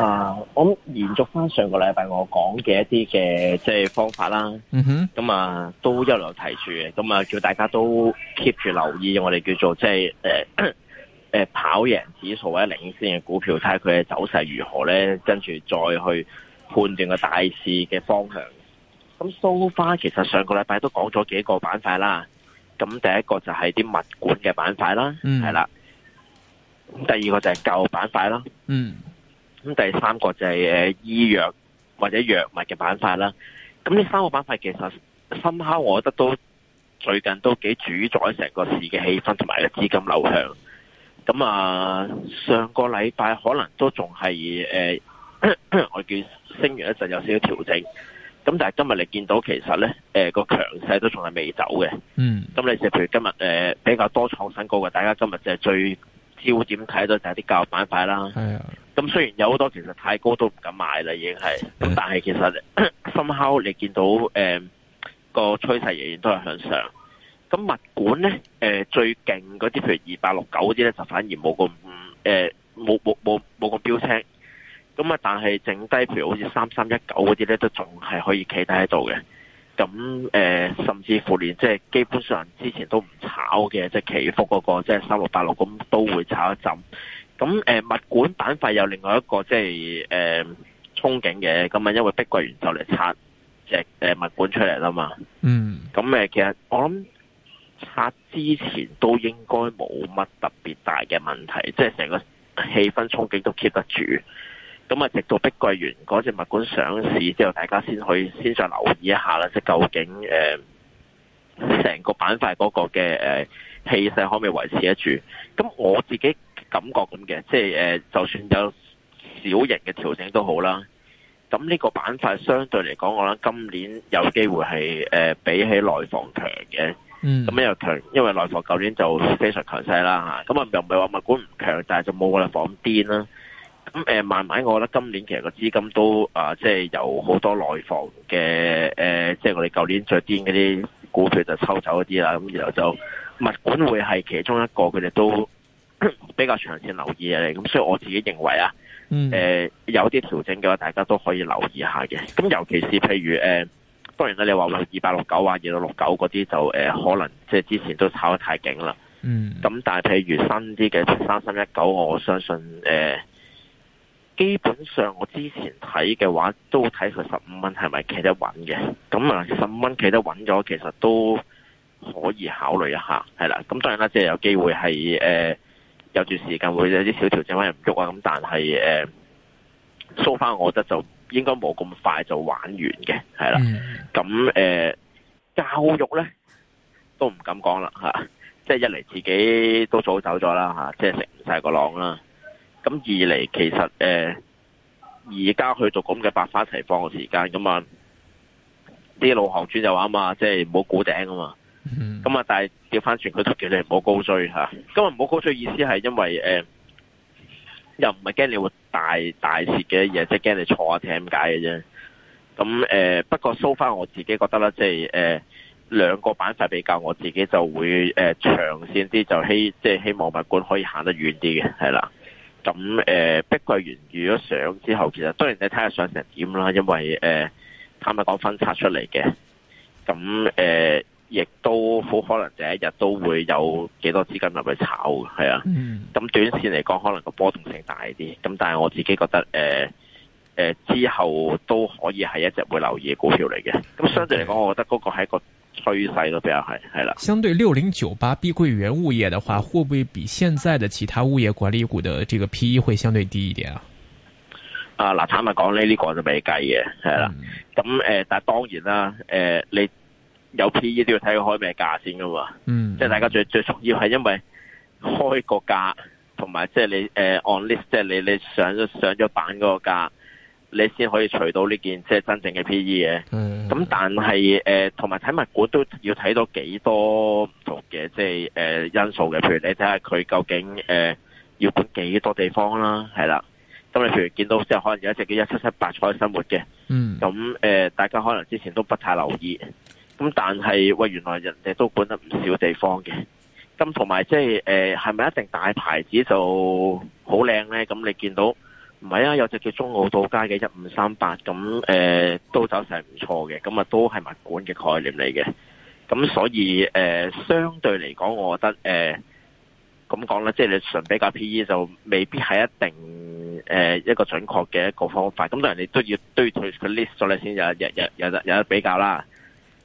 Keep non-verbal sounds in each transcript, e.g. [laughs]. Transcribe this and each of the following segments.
啊！我延續翻上個禮拜我講嘅一啲嘅，即係方法啦，咁啊、嗯、哼都一路提住，咁啊叫大家都 keep 住留意，我哋叫做即係誒誒跑贏指數或者領先嘅股票，睇下佢嘅走勢如何咧，跟住再去判斷個大市嘅方向。咁 s 花其實上個禮拜都講咗幾個板塊啦，咁第一個就係啲物管嘅板塊啦，係啦、嗯。咁第二個就係舊板塊啦，嗯。咁第三個就係誒醫藥或者藥物嘅板塊啦。咁呢三個板塊其實深刻，我覺得都最近都幾主宰成個市嘅氣氛同埋個資金流向。咁啊，上個禮拜可能都仲係誒，我叫升完一陣有少少調整。咁但係今日你見到其實咧，誒、呃、個強勢都仲係未走嘅。嗯。咁你即係譬如今日誒、呃、比較多創新高嘅，大家今日就係最焦點睇到就係啲教育板塊啦。係啊、哎。咁雖然有好多其實太高都唔敢買啦，已經係咁，但係其實深拋 [laughs] 你見到誒、呃、那個趨勢仍然都係向上。咁物管咧誒，最勁嗰啲，譬如二八六九嗰啲咧，就反而冇咁誒冇冇冇冇個標青。咁啊，但係剩低譬如好似三三一九嗰啲咧，都仲係可以企低喺度嘅。咁誒、呃，甚至乎連即係基本上之前都唔炒嘅，即係祈福嗰、那個即係三六八六咁，就是、都會炒一陣。咁誒、呃、物管板塊有另外一個即係誒、呃、憧憬嘅，咁啊，因為碧桂園就嚟拆隻誒物管出嚟啦嘛。嗯。咁誒，其實我諗拆之前都應該冇乜特別大嘅問題，即係成個氣氛憧憬都 keep 得住。咁啊，直到碧桂園嗰隻物管上市之後，大家先去先再留意一下啦，即係究竟誒成、呃、個板塊嗰個嘅誒、呃、氣勢可唔可以維持得住？咁我自己。感覺咁嘅，即係誒，就算有小型嘅調整都好啦。咁呢個板塊相對嚟講，我諗今年有機會係誒、呃、比起內房強嘅。嗯。咁又強，因為內房舊年就非常強勢啦吓。咁啊又唔係話物管唔強，但係就冇內房癲啦。咁誒，慢慢我覺得今年其實個資金都啊、呃，即係由好多內房嘅誒、呃，即係我哋舊年最癲嗰啲股票就抽走一啲啦。咁然後就物管會係其中一個，佢哋都。 [coughs] 比較長線留意嘢嚟，咁所以我自己認為啊，誒、呃、有啲調整嘅話，大家都可以留意下嘅。咁尤其是譬如誒、呃，當然啦，你話二八六九啊，二六六九嗰啲就誒、呃、可能即係之前都炒得太勁啦。咁、嗯、但係譬如新啲嘅三三一九，就是、19, 我相信誒、呃，基本上我之前睇嘅話，都睇佢十五蚊係咪企得穩嘅。咁啊，十五蚊企得穩咗，其實都可以考慮一下，係啦。咁當然啦，即、就、係、是、有機會係誒。呃有住時間會有啲小調整翻唔喐啊，咁但係誒，收、呃、翻、so、我覺得就應該冇咁快就玩完嘅，係啦。咁誒、mm hmm. 呃，教育咧都唔敢講啦吓，即係一嚟自己都早走咗啦吓，即係食唔晒個浪啦。咁、啊、二嚟其實誒，而、呃、家去到咁嘅百花齊放嘅時間，咁啊啲老行尊就話啊嘛，即係唔好估頂啊嘛。咁啊、mm hmm.，但係。叫翻轉佢都叫你唔好高追嚇，今日唔好高追意思係因為誒、呃、又唔係驚你會大大蝕嘅，嘢，即係驚你坐下艇解嘅啫？咁誒、呃，不過收、so、翻我自己覺得啦，即係誒兩個板塊比較，我自己就會誒、呃、長線啲，就希即係希望物管可以行得遠啲嘅，係啦。咁誒、呃、碧桂園遇咗上之後，其實當然你睇下上成點啦，因為誒坦白講分拆出嚟嘅，咁誒。呃亦都好可能第一日都會有幾多資金入去炒嘅，係啊。咁、嗯、短線嚟講，可能個波動性大啲。咁但係我自己覺得，誒、呃、誒、呃、之後都可以係一直會留意嘅股票嚟嘅。咁相對嚟講，我覺得嗰個係一個趨勢咯，比較係係啦。相對六零九八碧桂園物業嘅話，會唔會比現在嘅其他物業管理股嘅這個 P/E 會相對低一點啊？啊，嗱，坦白講呢呢個就未計嘅，係啦。咁誒、嗯呃，但係當然啦，誒、呃、你。有 P.E. 都要睇佢開咩價先噶嘛？嗯，即係大家最最重要係因為開個價同埋，即係你誒、uh, on list，即係你你上上咗板嗰個價，你先可以除到呢件即係、就是、真正嘅 P.E. 嘅。嗯，咁但係誒同埋睇物管股都要睇到幾多唔同嘅，即係誒因素嘅。譬如你睇下佢究竟誒、呃、要搬幾多地方啦，係啦。咁你譬如見到即係可能有一隻叫一七七八彩生活嘅，嗯，咁誒、呃、大家可能之前都不太留意。咁但係，喂，原來人哋都管得唔少地方嘅。咁同埋，即係誒，係、呃、咪一定大牌子就好靚呢？咁你見到唔係啊？有隻叫中澳道街嘅一五三八，咁、呃、誒都走勢唔錯嘅。咁啊，都係物管嘅概念嚟嘅。咁所以誒、呃，相對嚟講，我覺得誒，咁講啦即係你純比較 P E 就未必係一定誒、呃、一個準確嘅一個方法。咁當然你都要堆砌個 list 咗你先有，有，有，有，有，有比較啦。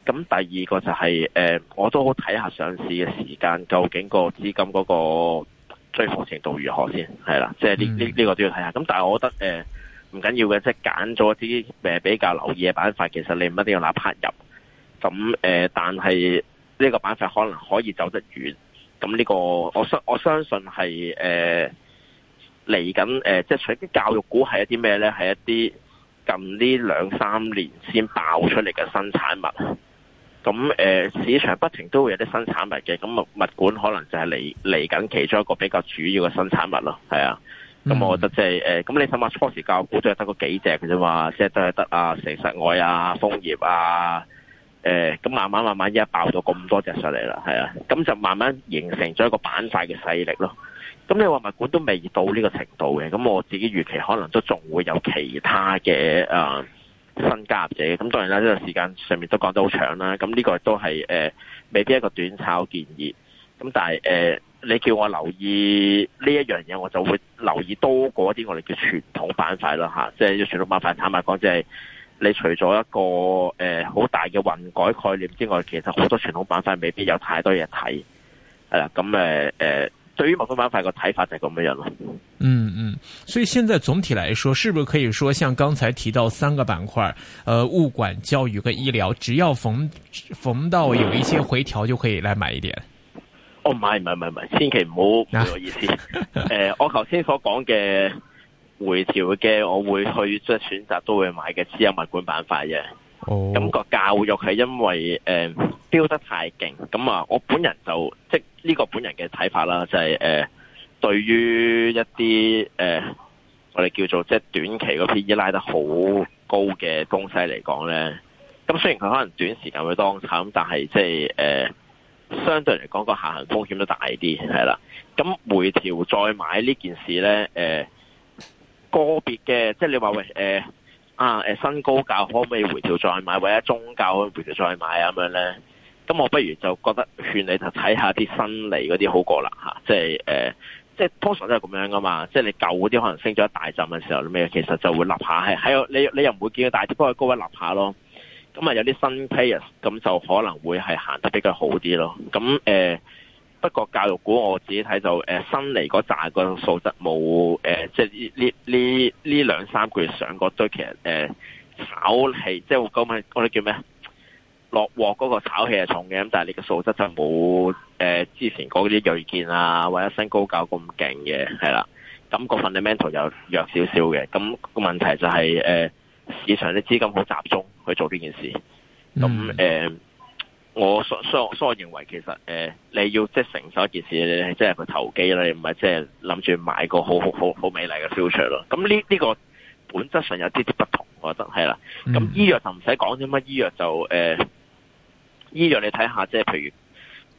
咁第二個就係、是、誒、呃，我都好睇下上市嘅時間，究竟個資金嗰個追貨程度如何先，係啦，即係呢呢呢個都要睇下。咁但係我覺得誒唔緊要嘅，即係揀咗啲比較留意嘅板塊，其實你唔一定要拿拍入。咁誒、呃，但係呢個板塊可能可以走得遠。咁呢、這個我相我相信係誒嚟緊，即係除啲教育股係一啲咩咧？係一啲近呢兩三年先爆出嚟嘅新產物。咁、呃、市場不停都會有啲新產物嘅，咁物物管可能就係嚟嚟緊其中一個比較主要嘅新產物咯，係啊。咁、嗯、我覺得即係咁你諗下初時教育股都係得個幾隻嘅啫嘛，即係得啊成實外啊，楓葉啊，咁、呃、慢慢慢慢依家爆咗咁多隻出嚟啦，係啊，咁就慢慢形成咗一個板塊嘅勢力咯。咁你話物管都未到呢個程度嘅，咁我自己預期可能都仲會有其他嘅誒。呃新加入者，咁當然啦，呢個時間上面都講得好長啦，咁呢個都係誒未必一個短炒建議，咁但係誒、呃、你叫我留意呢一樣嘢，我就會留意多過一啲我哋叫傳統板塊啦嚇，即、啊、係、就是、傳統板塊坦白講，即係你除咗一個誒好、呃、大嘅混改概念之外，其實好多傳統板塊未必有太多嘢睇，係、啊、啦，咁誒誒。對於物管板塊個睇法就係咁樣咯。嗯嗯，所以現在總體來說，是不是可以說，像剛才提到三個板塊，呃，物管、教育和醫療，只要逢逢到有一些回調，就可以來買一點。哦，買唔係唔係唔係，千祈唔好我意思。誒、啊 [laughs] 呃，我頭先所講嘅回調嘅，我會去即係選擇都會買嘅，只有物管板塊嘅。哦。咁個教育係因為誒、呃、飆得太勁，咁啊，我本人就即呢個本人嘅睇法啦、就是，就係誒，對於一啲誒、呃，我哋叫做即係短期嗰啲 PE 拉得好高嘅公司嚟講咧，咁雖然佢可能短時間會當炒，但係即係誒，相對嚟講個下行風險都大啲係啦。咁回調再買呢件事咧，誒、呃、個別嘅，即係你話喂誒啊誒新高價可唔可以回調再買，或者中價可唔可以回調再買咁樣咧？咁我不如就覺得勸你就睇下啲新嚟嗰啲好過啦嚇，即係誒，即係通常都係咁樣噶嘛，即係你舊嗰啲可能升咗一大浸嘅時候咩，其實就會立下係喺你你又唔會見到大啲，只不過喺高位立下咯。咁啊有啲新批咁就可能會係行得比較好啲咯。咁誒、呃、不過教育股我自己睇就、呃、新嚟嗰扎個素質冇即係呢呢呢呢兩三個月上過堆其實、呃、炒起即係會今日啲叫咩落鑊嗰個炒氣係重嘅，咁但係你嘅素質就冇誒、呃、之前嗰啲睿見啊或者新高教咁勁嘅，係啦，咁、那個 fundamental 又弱少少嘅，咁、那個問題就係、是、誒、呃、市場啲資金好集中去做呢件事，咁誒、呃、我所以我所所認為其實誒、呃、你要即係承受一件事咧，你即係去投機啦，你唔係即係諗住買個好好好美麗嘅 future 咯，咁呢呢個本質上有啲啲不同，我覺得係啦，咁醫藥就唔使講啲乜，醫藥就誒。呃醫藥你睇下，即係譬如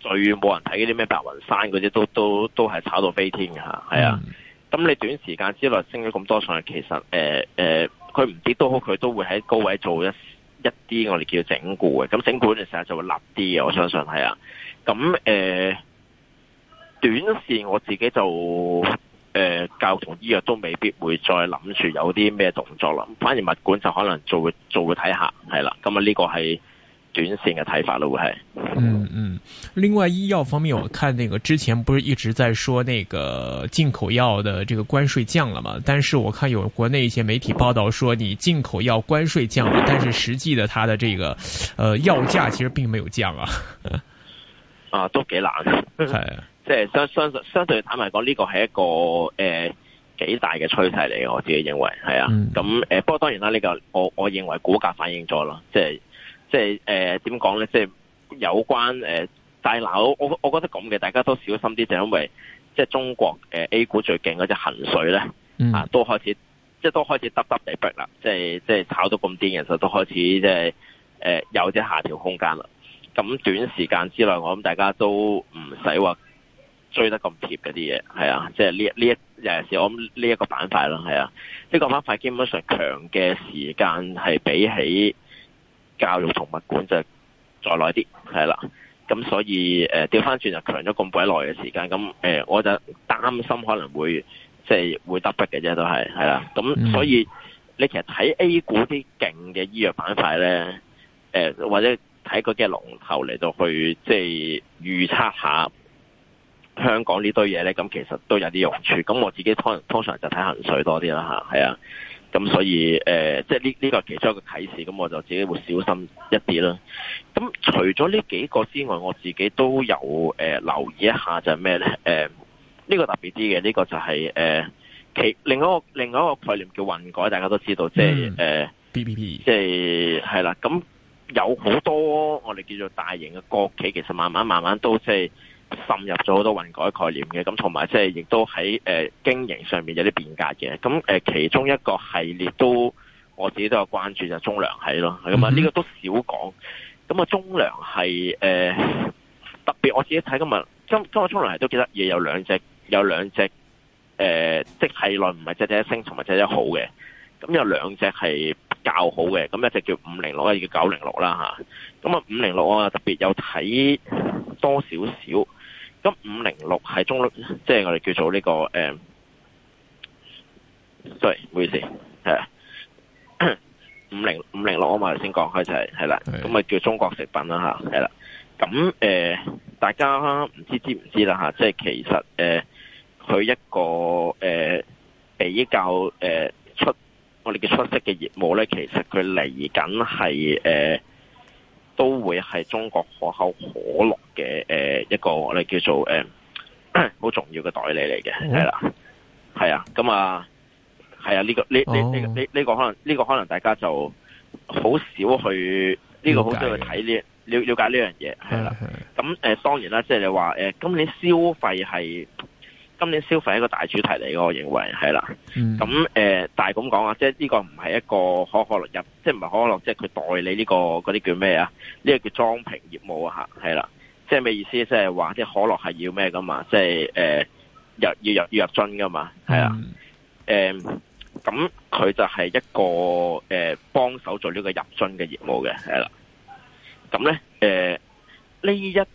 最冇人睇啲咩白雲山嗰啲，都都都係炒到飛天㗎。吓，係啊、mm。咁、hmm. 你短時間之內升咗咁多上去，其實誒誒，佢唔跌都好，佢都會喺高位做一一啲我哋叫整固嘅。咁整固嘅時候就會立啲嘅，我相信係啊。咁誒、呃，短線我自己就誒、呃、教同醫藥都未必會再諗住有啲咩動作啦。反而物管就可能做做會睇下，係啦。咁啊呢個係。短線嘅睇法咯，會係嗯嗯。另外醫藥方面，我看那個之前不是一直在說那個進口藥的這個關稅降了嘛？但是我看有國內一些媒體報道說，你進口藥關稅降了，但是實際的它的這個，呃，藥價其實並沒有降啊。 [laughs] 啊，都幾難，係 [laughs] [laughs] 啊，即係相相相對坦白講，呢個係一個誒、呃、幾大嘅趨勢嚟嘅，我自己認為係啊。咁誒、嗯呃，不過當然啦，呢、這個我我認為股價反映咗咯，即係。即係誒，點講咧？即係有關誒，大樓，呃，我我覺得咁嘅，大家都小心啲，就因為即係中國誒、呃、A 股最勁嗰隻行水咧，啊，都開始即係都開始耷耷地逼啦，即係即係炒到咁癲，嘅時候，都開始即係誒有啲下調空間啦。咁短時間之內，我諗大家都唔使話追得咁貼嗰啲嘢，係啊，即係呢呢一，尤其是我諗呢一個板塊啦，係啊，呢個板塊基本上強嘅時間係比起。教育同物管就再耐啲，係啦，咁所以誒調翻轉就強咗咁鬼耐嘅時間，咁誒、呃、我就擔心可能會即係會得不嘅啫，都係係啦，咁、mm hmm. 所以你其實睇 A 股啲勁嘅醫藥板塊咧，誒、呃、或者睇嗰啲龍頭嚟到去即係預測下香港這些東西呢堆嘢咧，咁其實都有啲用處。咁我自己通常通常就睇恆水多啲啦，嚇係啊。咁所以誒，即係呢呢個其中一個啟示，咁我就自己會小心一啲啦。咁除咗呢幾個之外，我自己都有誒、呃、留意一下就，就係咩咧？誒、這、呢個特別啲嘅，呢、這個就係、是、誒、呃、其另一個另一個概念叫混改，大家都知道，即係誒、呃嗯、B B B 即係係啦。咁有好多我哋叫做大型嘅國企，其實慢慢慢慢都即、就、係、是。滲入咗好多混改概念嘅，咁同埋即係亦都喺誒、呃、經營上面有啲變革嘅。咁誒、呃、其中一個系列都我自己都有關注就係、中糧系咯，咁啊呢個都少講。咁、那、啊、個、中糧系誒、呃、特別我自己睇今日今今個中糧系都記得嘢有兩隻有兩隻誒即係論唔係隻隻升同埋隻隻好嘅，咁有兩隻係較好嘅，咁、那個啊那個、一隻叫五零六，一隻叫九零六啦吓。咁啊五零六啊特別有睇多少少。咁、這個嗯、五,五零六係中，即係我哋，就是，的叫做呢個 sorry，對，唔好意思係五零五零六啊嘛，頭先講開就係係啦，咁咪叫中國食品啦嚇，係啦，咁、呃、大家唔知知唔知啦嚇、啊，即係其實佢，呃、一個誒、呃、比較誒、呃、出我哋嘅出色嘅業務咧，其實佢嚟緊係誒。呃都會係中國可口可樂嘅誒一個我哋、呃、叫做誒好、呃、重要嘅代理嚟嘅，係啦、oh.，係啊，咁、嗯、啊，係啊，呢、呢個呢呢呢呢呢個可能呢、呢個可能大家就好少去呢、oh. 個好少去睇呢了了解呢樣嘢，係啦，咁誒、oh. 嗯嗯、當然啦，即係你話誒、呃、今年消費係。今年消費係一個大主題嚟嘅，我認為係啦。咁誒、嗯呃，但係咁講啊，即係呢個唔係一個可可樂入，即係唔係可可樂，即係佢代理呢、這個嗰啲叫咩啊？呢、這個叫裝瓶業務啊吓，係啦。即係咩意思？即係話啲可樂係要咩嘅、呃、嘛？即係誒入要入要入樽嘅嘛？係啊、嗯。誒、呃，咁佢就係一個誒、呃、幫手做呢個入樽嘅業務嘅，係啦。咁咧誒呢、呃、一。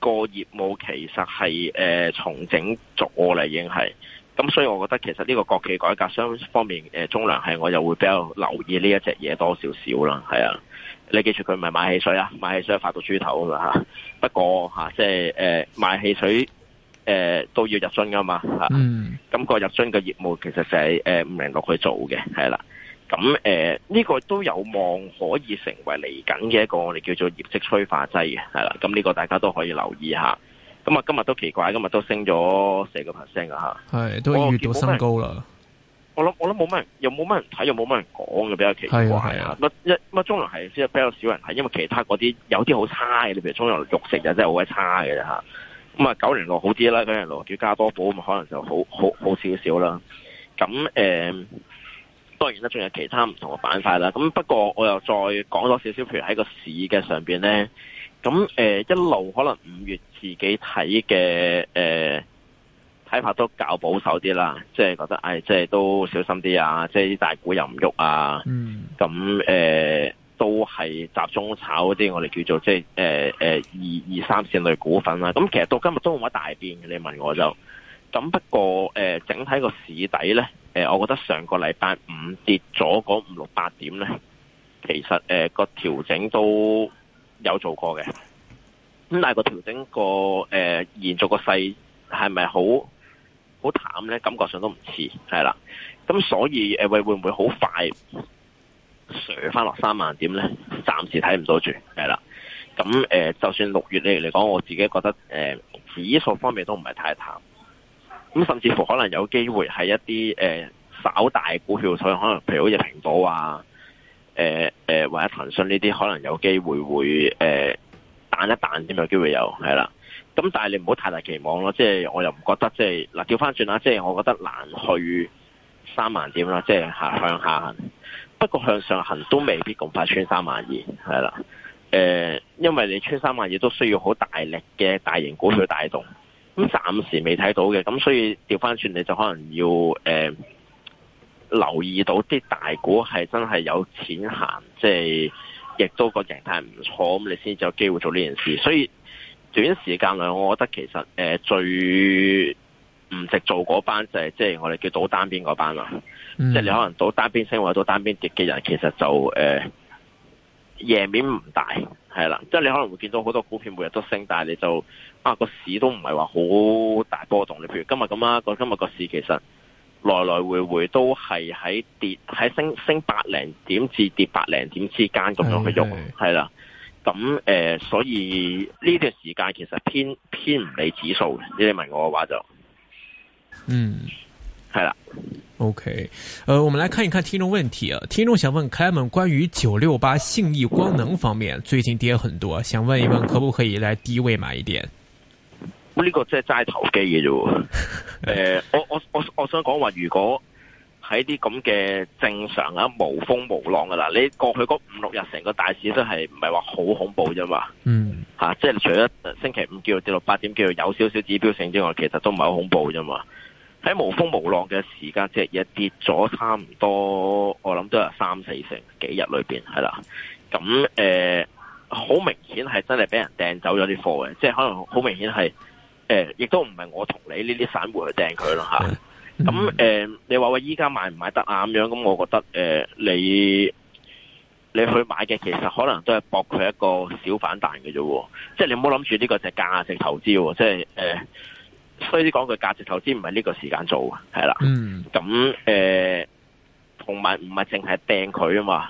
個業務其實係誒重整做我嚟已經係，咁所以我覺得其實呢個國企改革相方面誒、呃、中糧係我又會比較留意呢一隻嘢多少少啦，係啊，你記住佢咪買汽水啊，買汽水發到豬頭啦吓、啊，不過吓即係誒買汽水誒、呃、都要入樽噶嘛吓，咁，啊那個入樽嘅業務其實就係誒五零六去做嘅，係啦。咁誒，呢、這個都有望可以成為嚟緊嘅一個我哋叫做業績催化劑嘅，係啦。咁、這、呢個大家都可以留意下。咁啊，今日都奇怪，今日都升咗四個 percent 噶吓。係都遇到新高啦。我諗我諗冇乜，又冇乜人睇，又冇乜人講嘅，比較奇怪啊。乜一乜中糧係即係比較少人睇，因為其他嗰啲有啲好差嘅，你譬如中糧肉食就真係好鬼差嘅吓。咁啊九零六好啲啦，九零六叫加多寶咁可能就好好好少少啦。咁誒。呃當然啦，仲有其他唔同嘅板塊啦。咁不過我又再講多少少，譬如喺個市嘅上邊咧，咁誒、呃、一路可能五月自己睇嘅誒睇法都較保守啲啦，即係覺得誒、哎、即係都小心啲啊，即係啲大股又唔喐啊。咁誒、嗯呃、都係集中炒啲我哋叫做即係誒誒二二三線類股份啦、啊。咁其實到今日都冇乜大變嘅。你問我就咁不過誒、呃，整體個市底咧。誒、呃，我覺得上個禮拜五跌咗嗰五六八點咧，其實誒個、呃、調整都有做過嘅，咁但係個調整個誒、呃、延續個勢係咪好好淡咧？感覺上都唔似係啦，咁所以誒、呃、會會唔會好快上翻落三萬點咧？暫時睇唔到住係啦，咁誒、呃、就算六月嚟嚟講，我自己覺得誒、呃、指數方面都唔係太淡。咁甚至乎可能有機會係一啲誒、呃、稍大股票，所可能譬如好似蘋果啊，誒、呃、誒、呃、或者騰訊呢啲，可能有機會會誒彈、呃、一彈啲有機會有，係啦。咁但係你唔好太大期望咯，即係我又唔覺得即係嗱，調翻轉啦，即係我覺得難去三萬點啦，即係向向下行。不過向上行都未必咁快穿三萬二，係啦。誒，因為你穿三萬二都需要好大力嘅大型股票帶動。咁暫時未睇到嘅，咁所以調翻轉你就可能要、呃、留意到啲大股係真係有錢行，即係亦都個形態唔錯，咁你先至有機會做呢件事。所以短時間內，我覺得其實、呃、最唔值做嗰班就係即係我哋叫倒單邊嗰班啦，即係、嗯、你可能倒單邊升或者倒單邊跌嘅人，其實就、呃夜面唔大，係啦，即係你可能會見到好多股票每日都升，但係你就啊，個市都唔係話好大波動。你譬如今日咁啦，個今日個市其實來來回回都係喺跌喺升升百零點至跌百零點之間咁樣去喐，係啦。咁誒、呃，所以呢段時間其實偏偏唔理指數。你問我嘅話就，嗯，係啦。OK，誒、呃，我們來看一看聽眾問題啊，聽眾想問 Clement 關於九六八信義光能方面最近跌很多，想問一問可不可以來低位買一點？呢個即係齋投機嘅啫，誒、 [laughs] 呃，我我我我想講話，如果喺啲咁嘅正常啊無風無浪噶啦，你過去嗰五六日成個大市都係唔係話好恐怖啫嘛，嗯，吓、啊，即、就、係、是、除咗星期五叫做跌到八點幾，有少少指標性之外，其實都唔係好恐怖啫嘛。喺無風無浪嘅時間，即係一跌咗差唔多，我諗都有三四成幾日裏邊係啦。咁誒、好、呃、明顯係真係俾人掟走咗啲貨嘅，即係可能好明顯係誒，亦、呃、都唔係我同你呢啲散戶去掟佢咯吓。咁、啊、誒、 [laughs] 呃，你話喂，依家買唔買得啊咁樣？咁我覺得誒、呃，你你去買嘅其實可能都係博佢一個小反彈嘅啫，即係你唔好諗住呢個就係價值投資，即係誒。呃所以啲講，句價值投資唔係呢個時間做，係啦。咁誒、嗯，同埋唔係淨係掟佢啊嘛，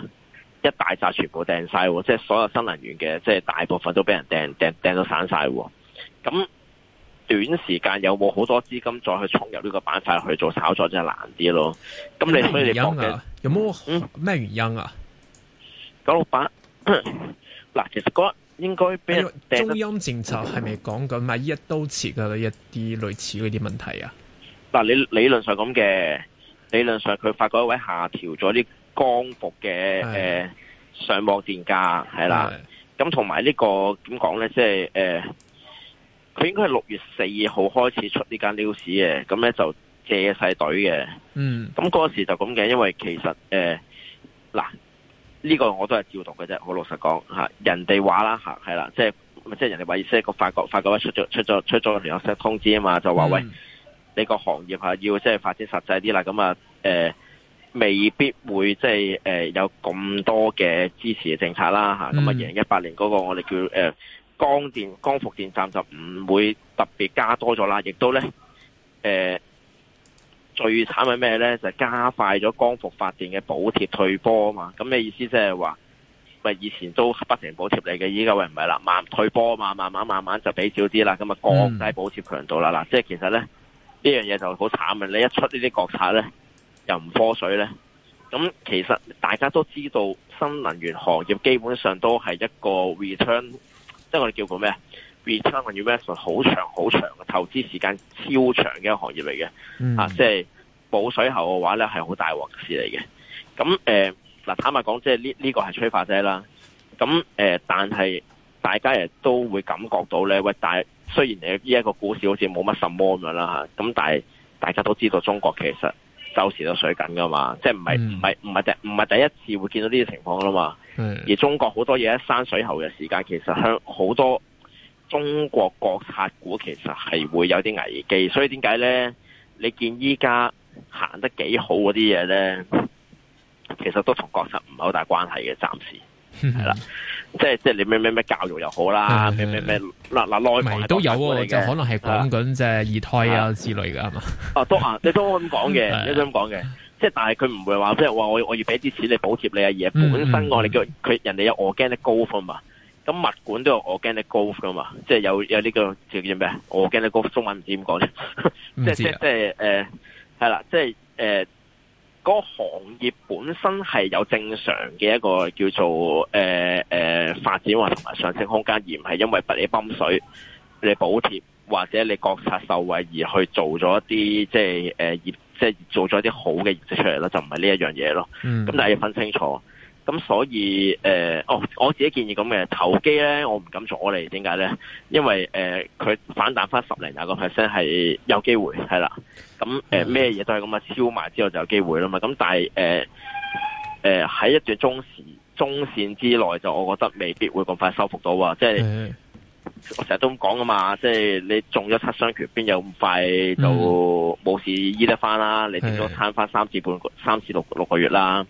一大紮全部掟晒，即係所有新能源嘅，即係大部分都俾人掟掟掟到散晒。咁短時間有冇好多資金再去沖入呢個板塊去做炒作，真係難啲咯。咁你所以你講嘅，咩原因啊？有冇咩原因啊？九老闆，嗱， [coughs] 其實嗰、那個。應該俾中央政策係咪講緊？咪一刀切嘅一啲類似嗰啲問題啊！嗱，你理論上咁嘅，理論上佢發覺一位下調咗啲光伏嘅誒上網電價，係啦。咁同埋呢個點講呢？即係誒，佢、呃、應該係六月四號開始出呢間 news 嘅，咁呢就借曬隊嘅。嗯，咁嗰時就咁嘅，因為其實誒嗱。呃呢個我都係照讀嘅啫，好老實講嚇，人哋話啦嚇，係啦，即係即係人哋話意思係個法國法國咧出咗出咗出咗條有 s 通知啊嘛，就話、嗯、喂，你個行業嚇要即係發展實際啲啦，咁啊誒，未必會即係誒有咁多嘅支持嘅政策啦嚇，咁啊二零一八年嗰個我哋叫誒、呃、光電光伏電站就唔會特別加多咗啦，亦都咧誒。呃最慘係咩呢？就加快咗光伏發電嘅補貼退坡啊嘛！咁嘅意思即係話，咪以前都不停補貼你嘅，依家係唔係啦？慢退坡啊嘛，慢慢慢慢就俾少啲啦，咁啊降低補貼強度啦。嗱，即係其實咧呢樣嘢就好慘啊！你一出呢啲國策呢，又唔科水呢。咁其實大家都知道，新能源行業基本上都係一個 return，即係我哋叫佢咩？bitcoin 同 ethereum 好長好長，投資時間超長嘅一個行業嚟嘅，嗯、啊，即係補水喉嘅話咧係好大鑊事嚟嘅。咁誒，嗱、呃，坦白講，即係呢呢個係催化劑啦。咁誒、呃，但係大家亦都會感覺到咧，喂，大雖然誒個一個股市好似冇乜什麼咁樣啦吓，咁、啊、但係大家都知道中國其實周時都水緊噶嘛，即係唔係唔係唔係第唔係第一次會見到呢啲情況啦嘛。的而中國好多嘢山水喉嘅時間其實向好多。中國國策股其實係會有啲危機，所以點解咧？你見依家行得幾好嗰啲嘢咧，其實都同國策唔係好大關係嘅，暫時係啦。即係即係你咩咩咩教育又好啦，咩咩咩嗱嗱內房都有，就可能係講緊即係二胎啊之類㗎，係嘛？啊都啊，你都咁講嘅，你都咁講嘅。即係但係佢唔會話即係話我我要俾啲錢你補貼你啊嘢，本身我哋叫佢人哋有我驚得高分嘛。咁物管都有我 o 你 f 噶嘛，即係有有呢、這個叫叫咩 [laughs] 啊？我驚你 f 中文唔知點講咧，即係即係即係誒，係、呃、啦，即係誒，嗰、呃呃那個行業本身係有正常嘅一個叫做誒誒、呃呃、發展或同埋上升空間，而唔係因為不你泵水、你補貼或者你國策受惠而去做咗一啲即係誒業，即係、呃、做咗啲好嘅嘢出嚟啦，就唔係呢一樣嘢咯。咁、嗯、但係要分清楚。咁所以，誒、呃，哦，我自己建議咁嘅，投機咧，我唔敢阻你。我哋點解咧？因為誒，佢、呃、反彈翻十零廿個 percent 係有機會，係啦。咁咩嘢都係咁啊，超賣之後就有機會啦嘛。咁但係誒喺一段中時中線之內，就我覺得未必會咁快收復到啊。即係我成日都咁講啊嘛。即係你中咗七傷拳，邊有咁快就冇事醫得翻啦？嗯、你最多攤翻三至半個三至六六個月啦。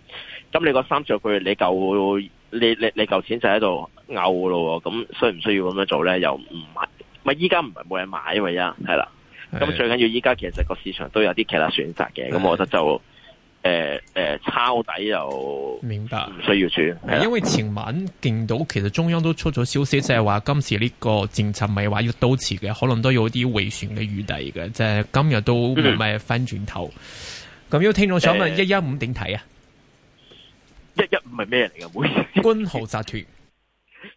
咁你個三兆佢你夠，你你你嚿錢就喺度拗咯喎，咁需唔需要咁樣做咧？又唔買咪依家唔係冇嘢買，因為一係啦，咁最緊要依家其實個市場都有啲其他選擇嘅，咁我覺得就誒誒抄底又唔需要住，因為前晚見到其實中央都出咗消息，即係話今次呢個政策咪話要刀切嘅，可能都有啲迴旋嘅餘地嘅，即係今日都冇咩翻轉頭。咁有聽眾想問一一五點睇啊？一一五係咩嚟噶？官號集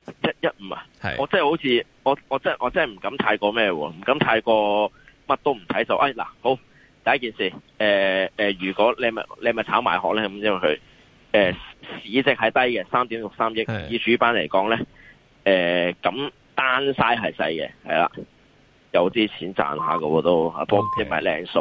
團一一五啊，係 [laughs] 1, 5? 我真係好似我我真係我真係唔敢太過咩喎，唔敢太過乜都唔睇咗。哎嗱，好第一件事，誒、呃、誒、呃，如果你咪你咪炒埋殼咧，咁因為佢誒、呃、市值係低嘅，三點六三億以主板嚟講咧，誒、呃、咁單晒係細嘅，係啦，有啲錢賺下噶都，不過啲唔係靚數。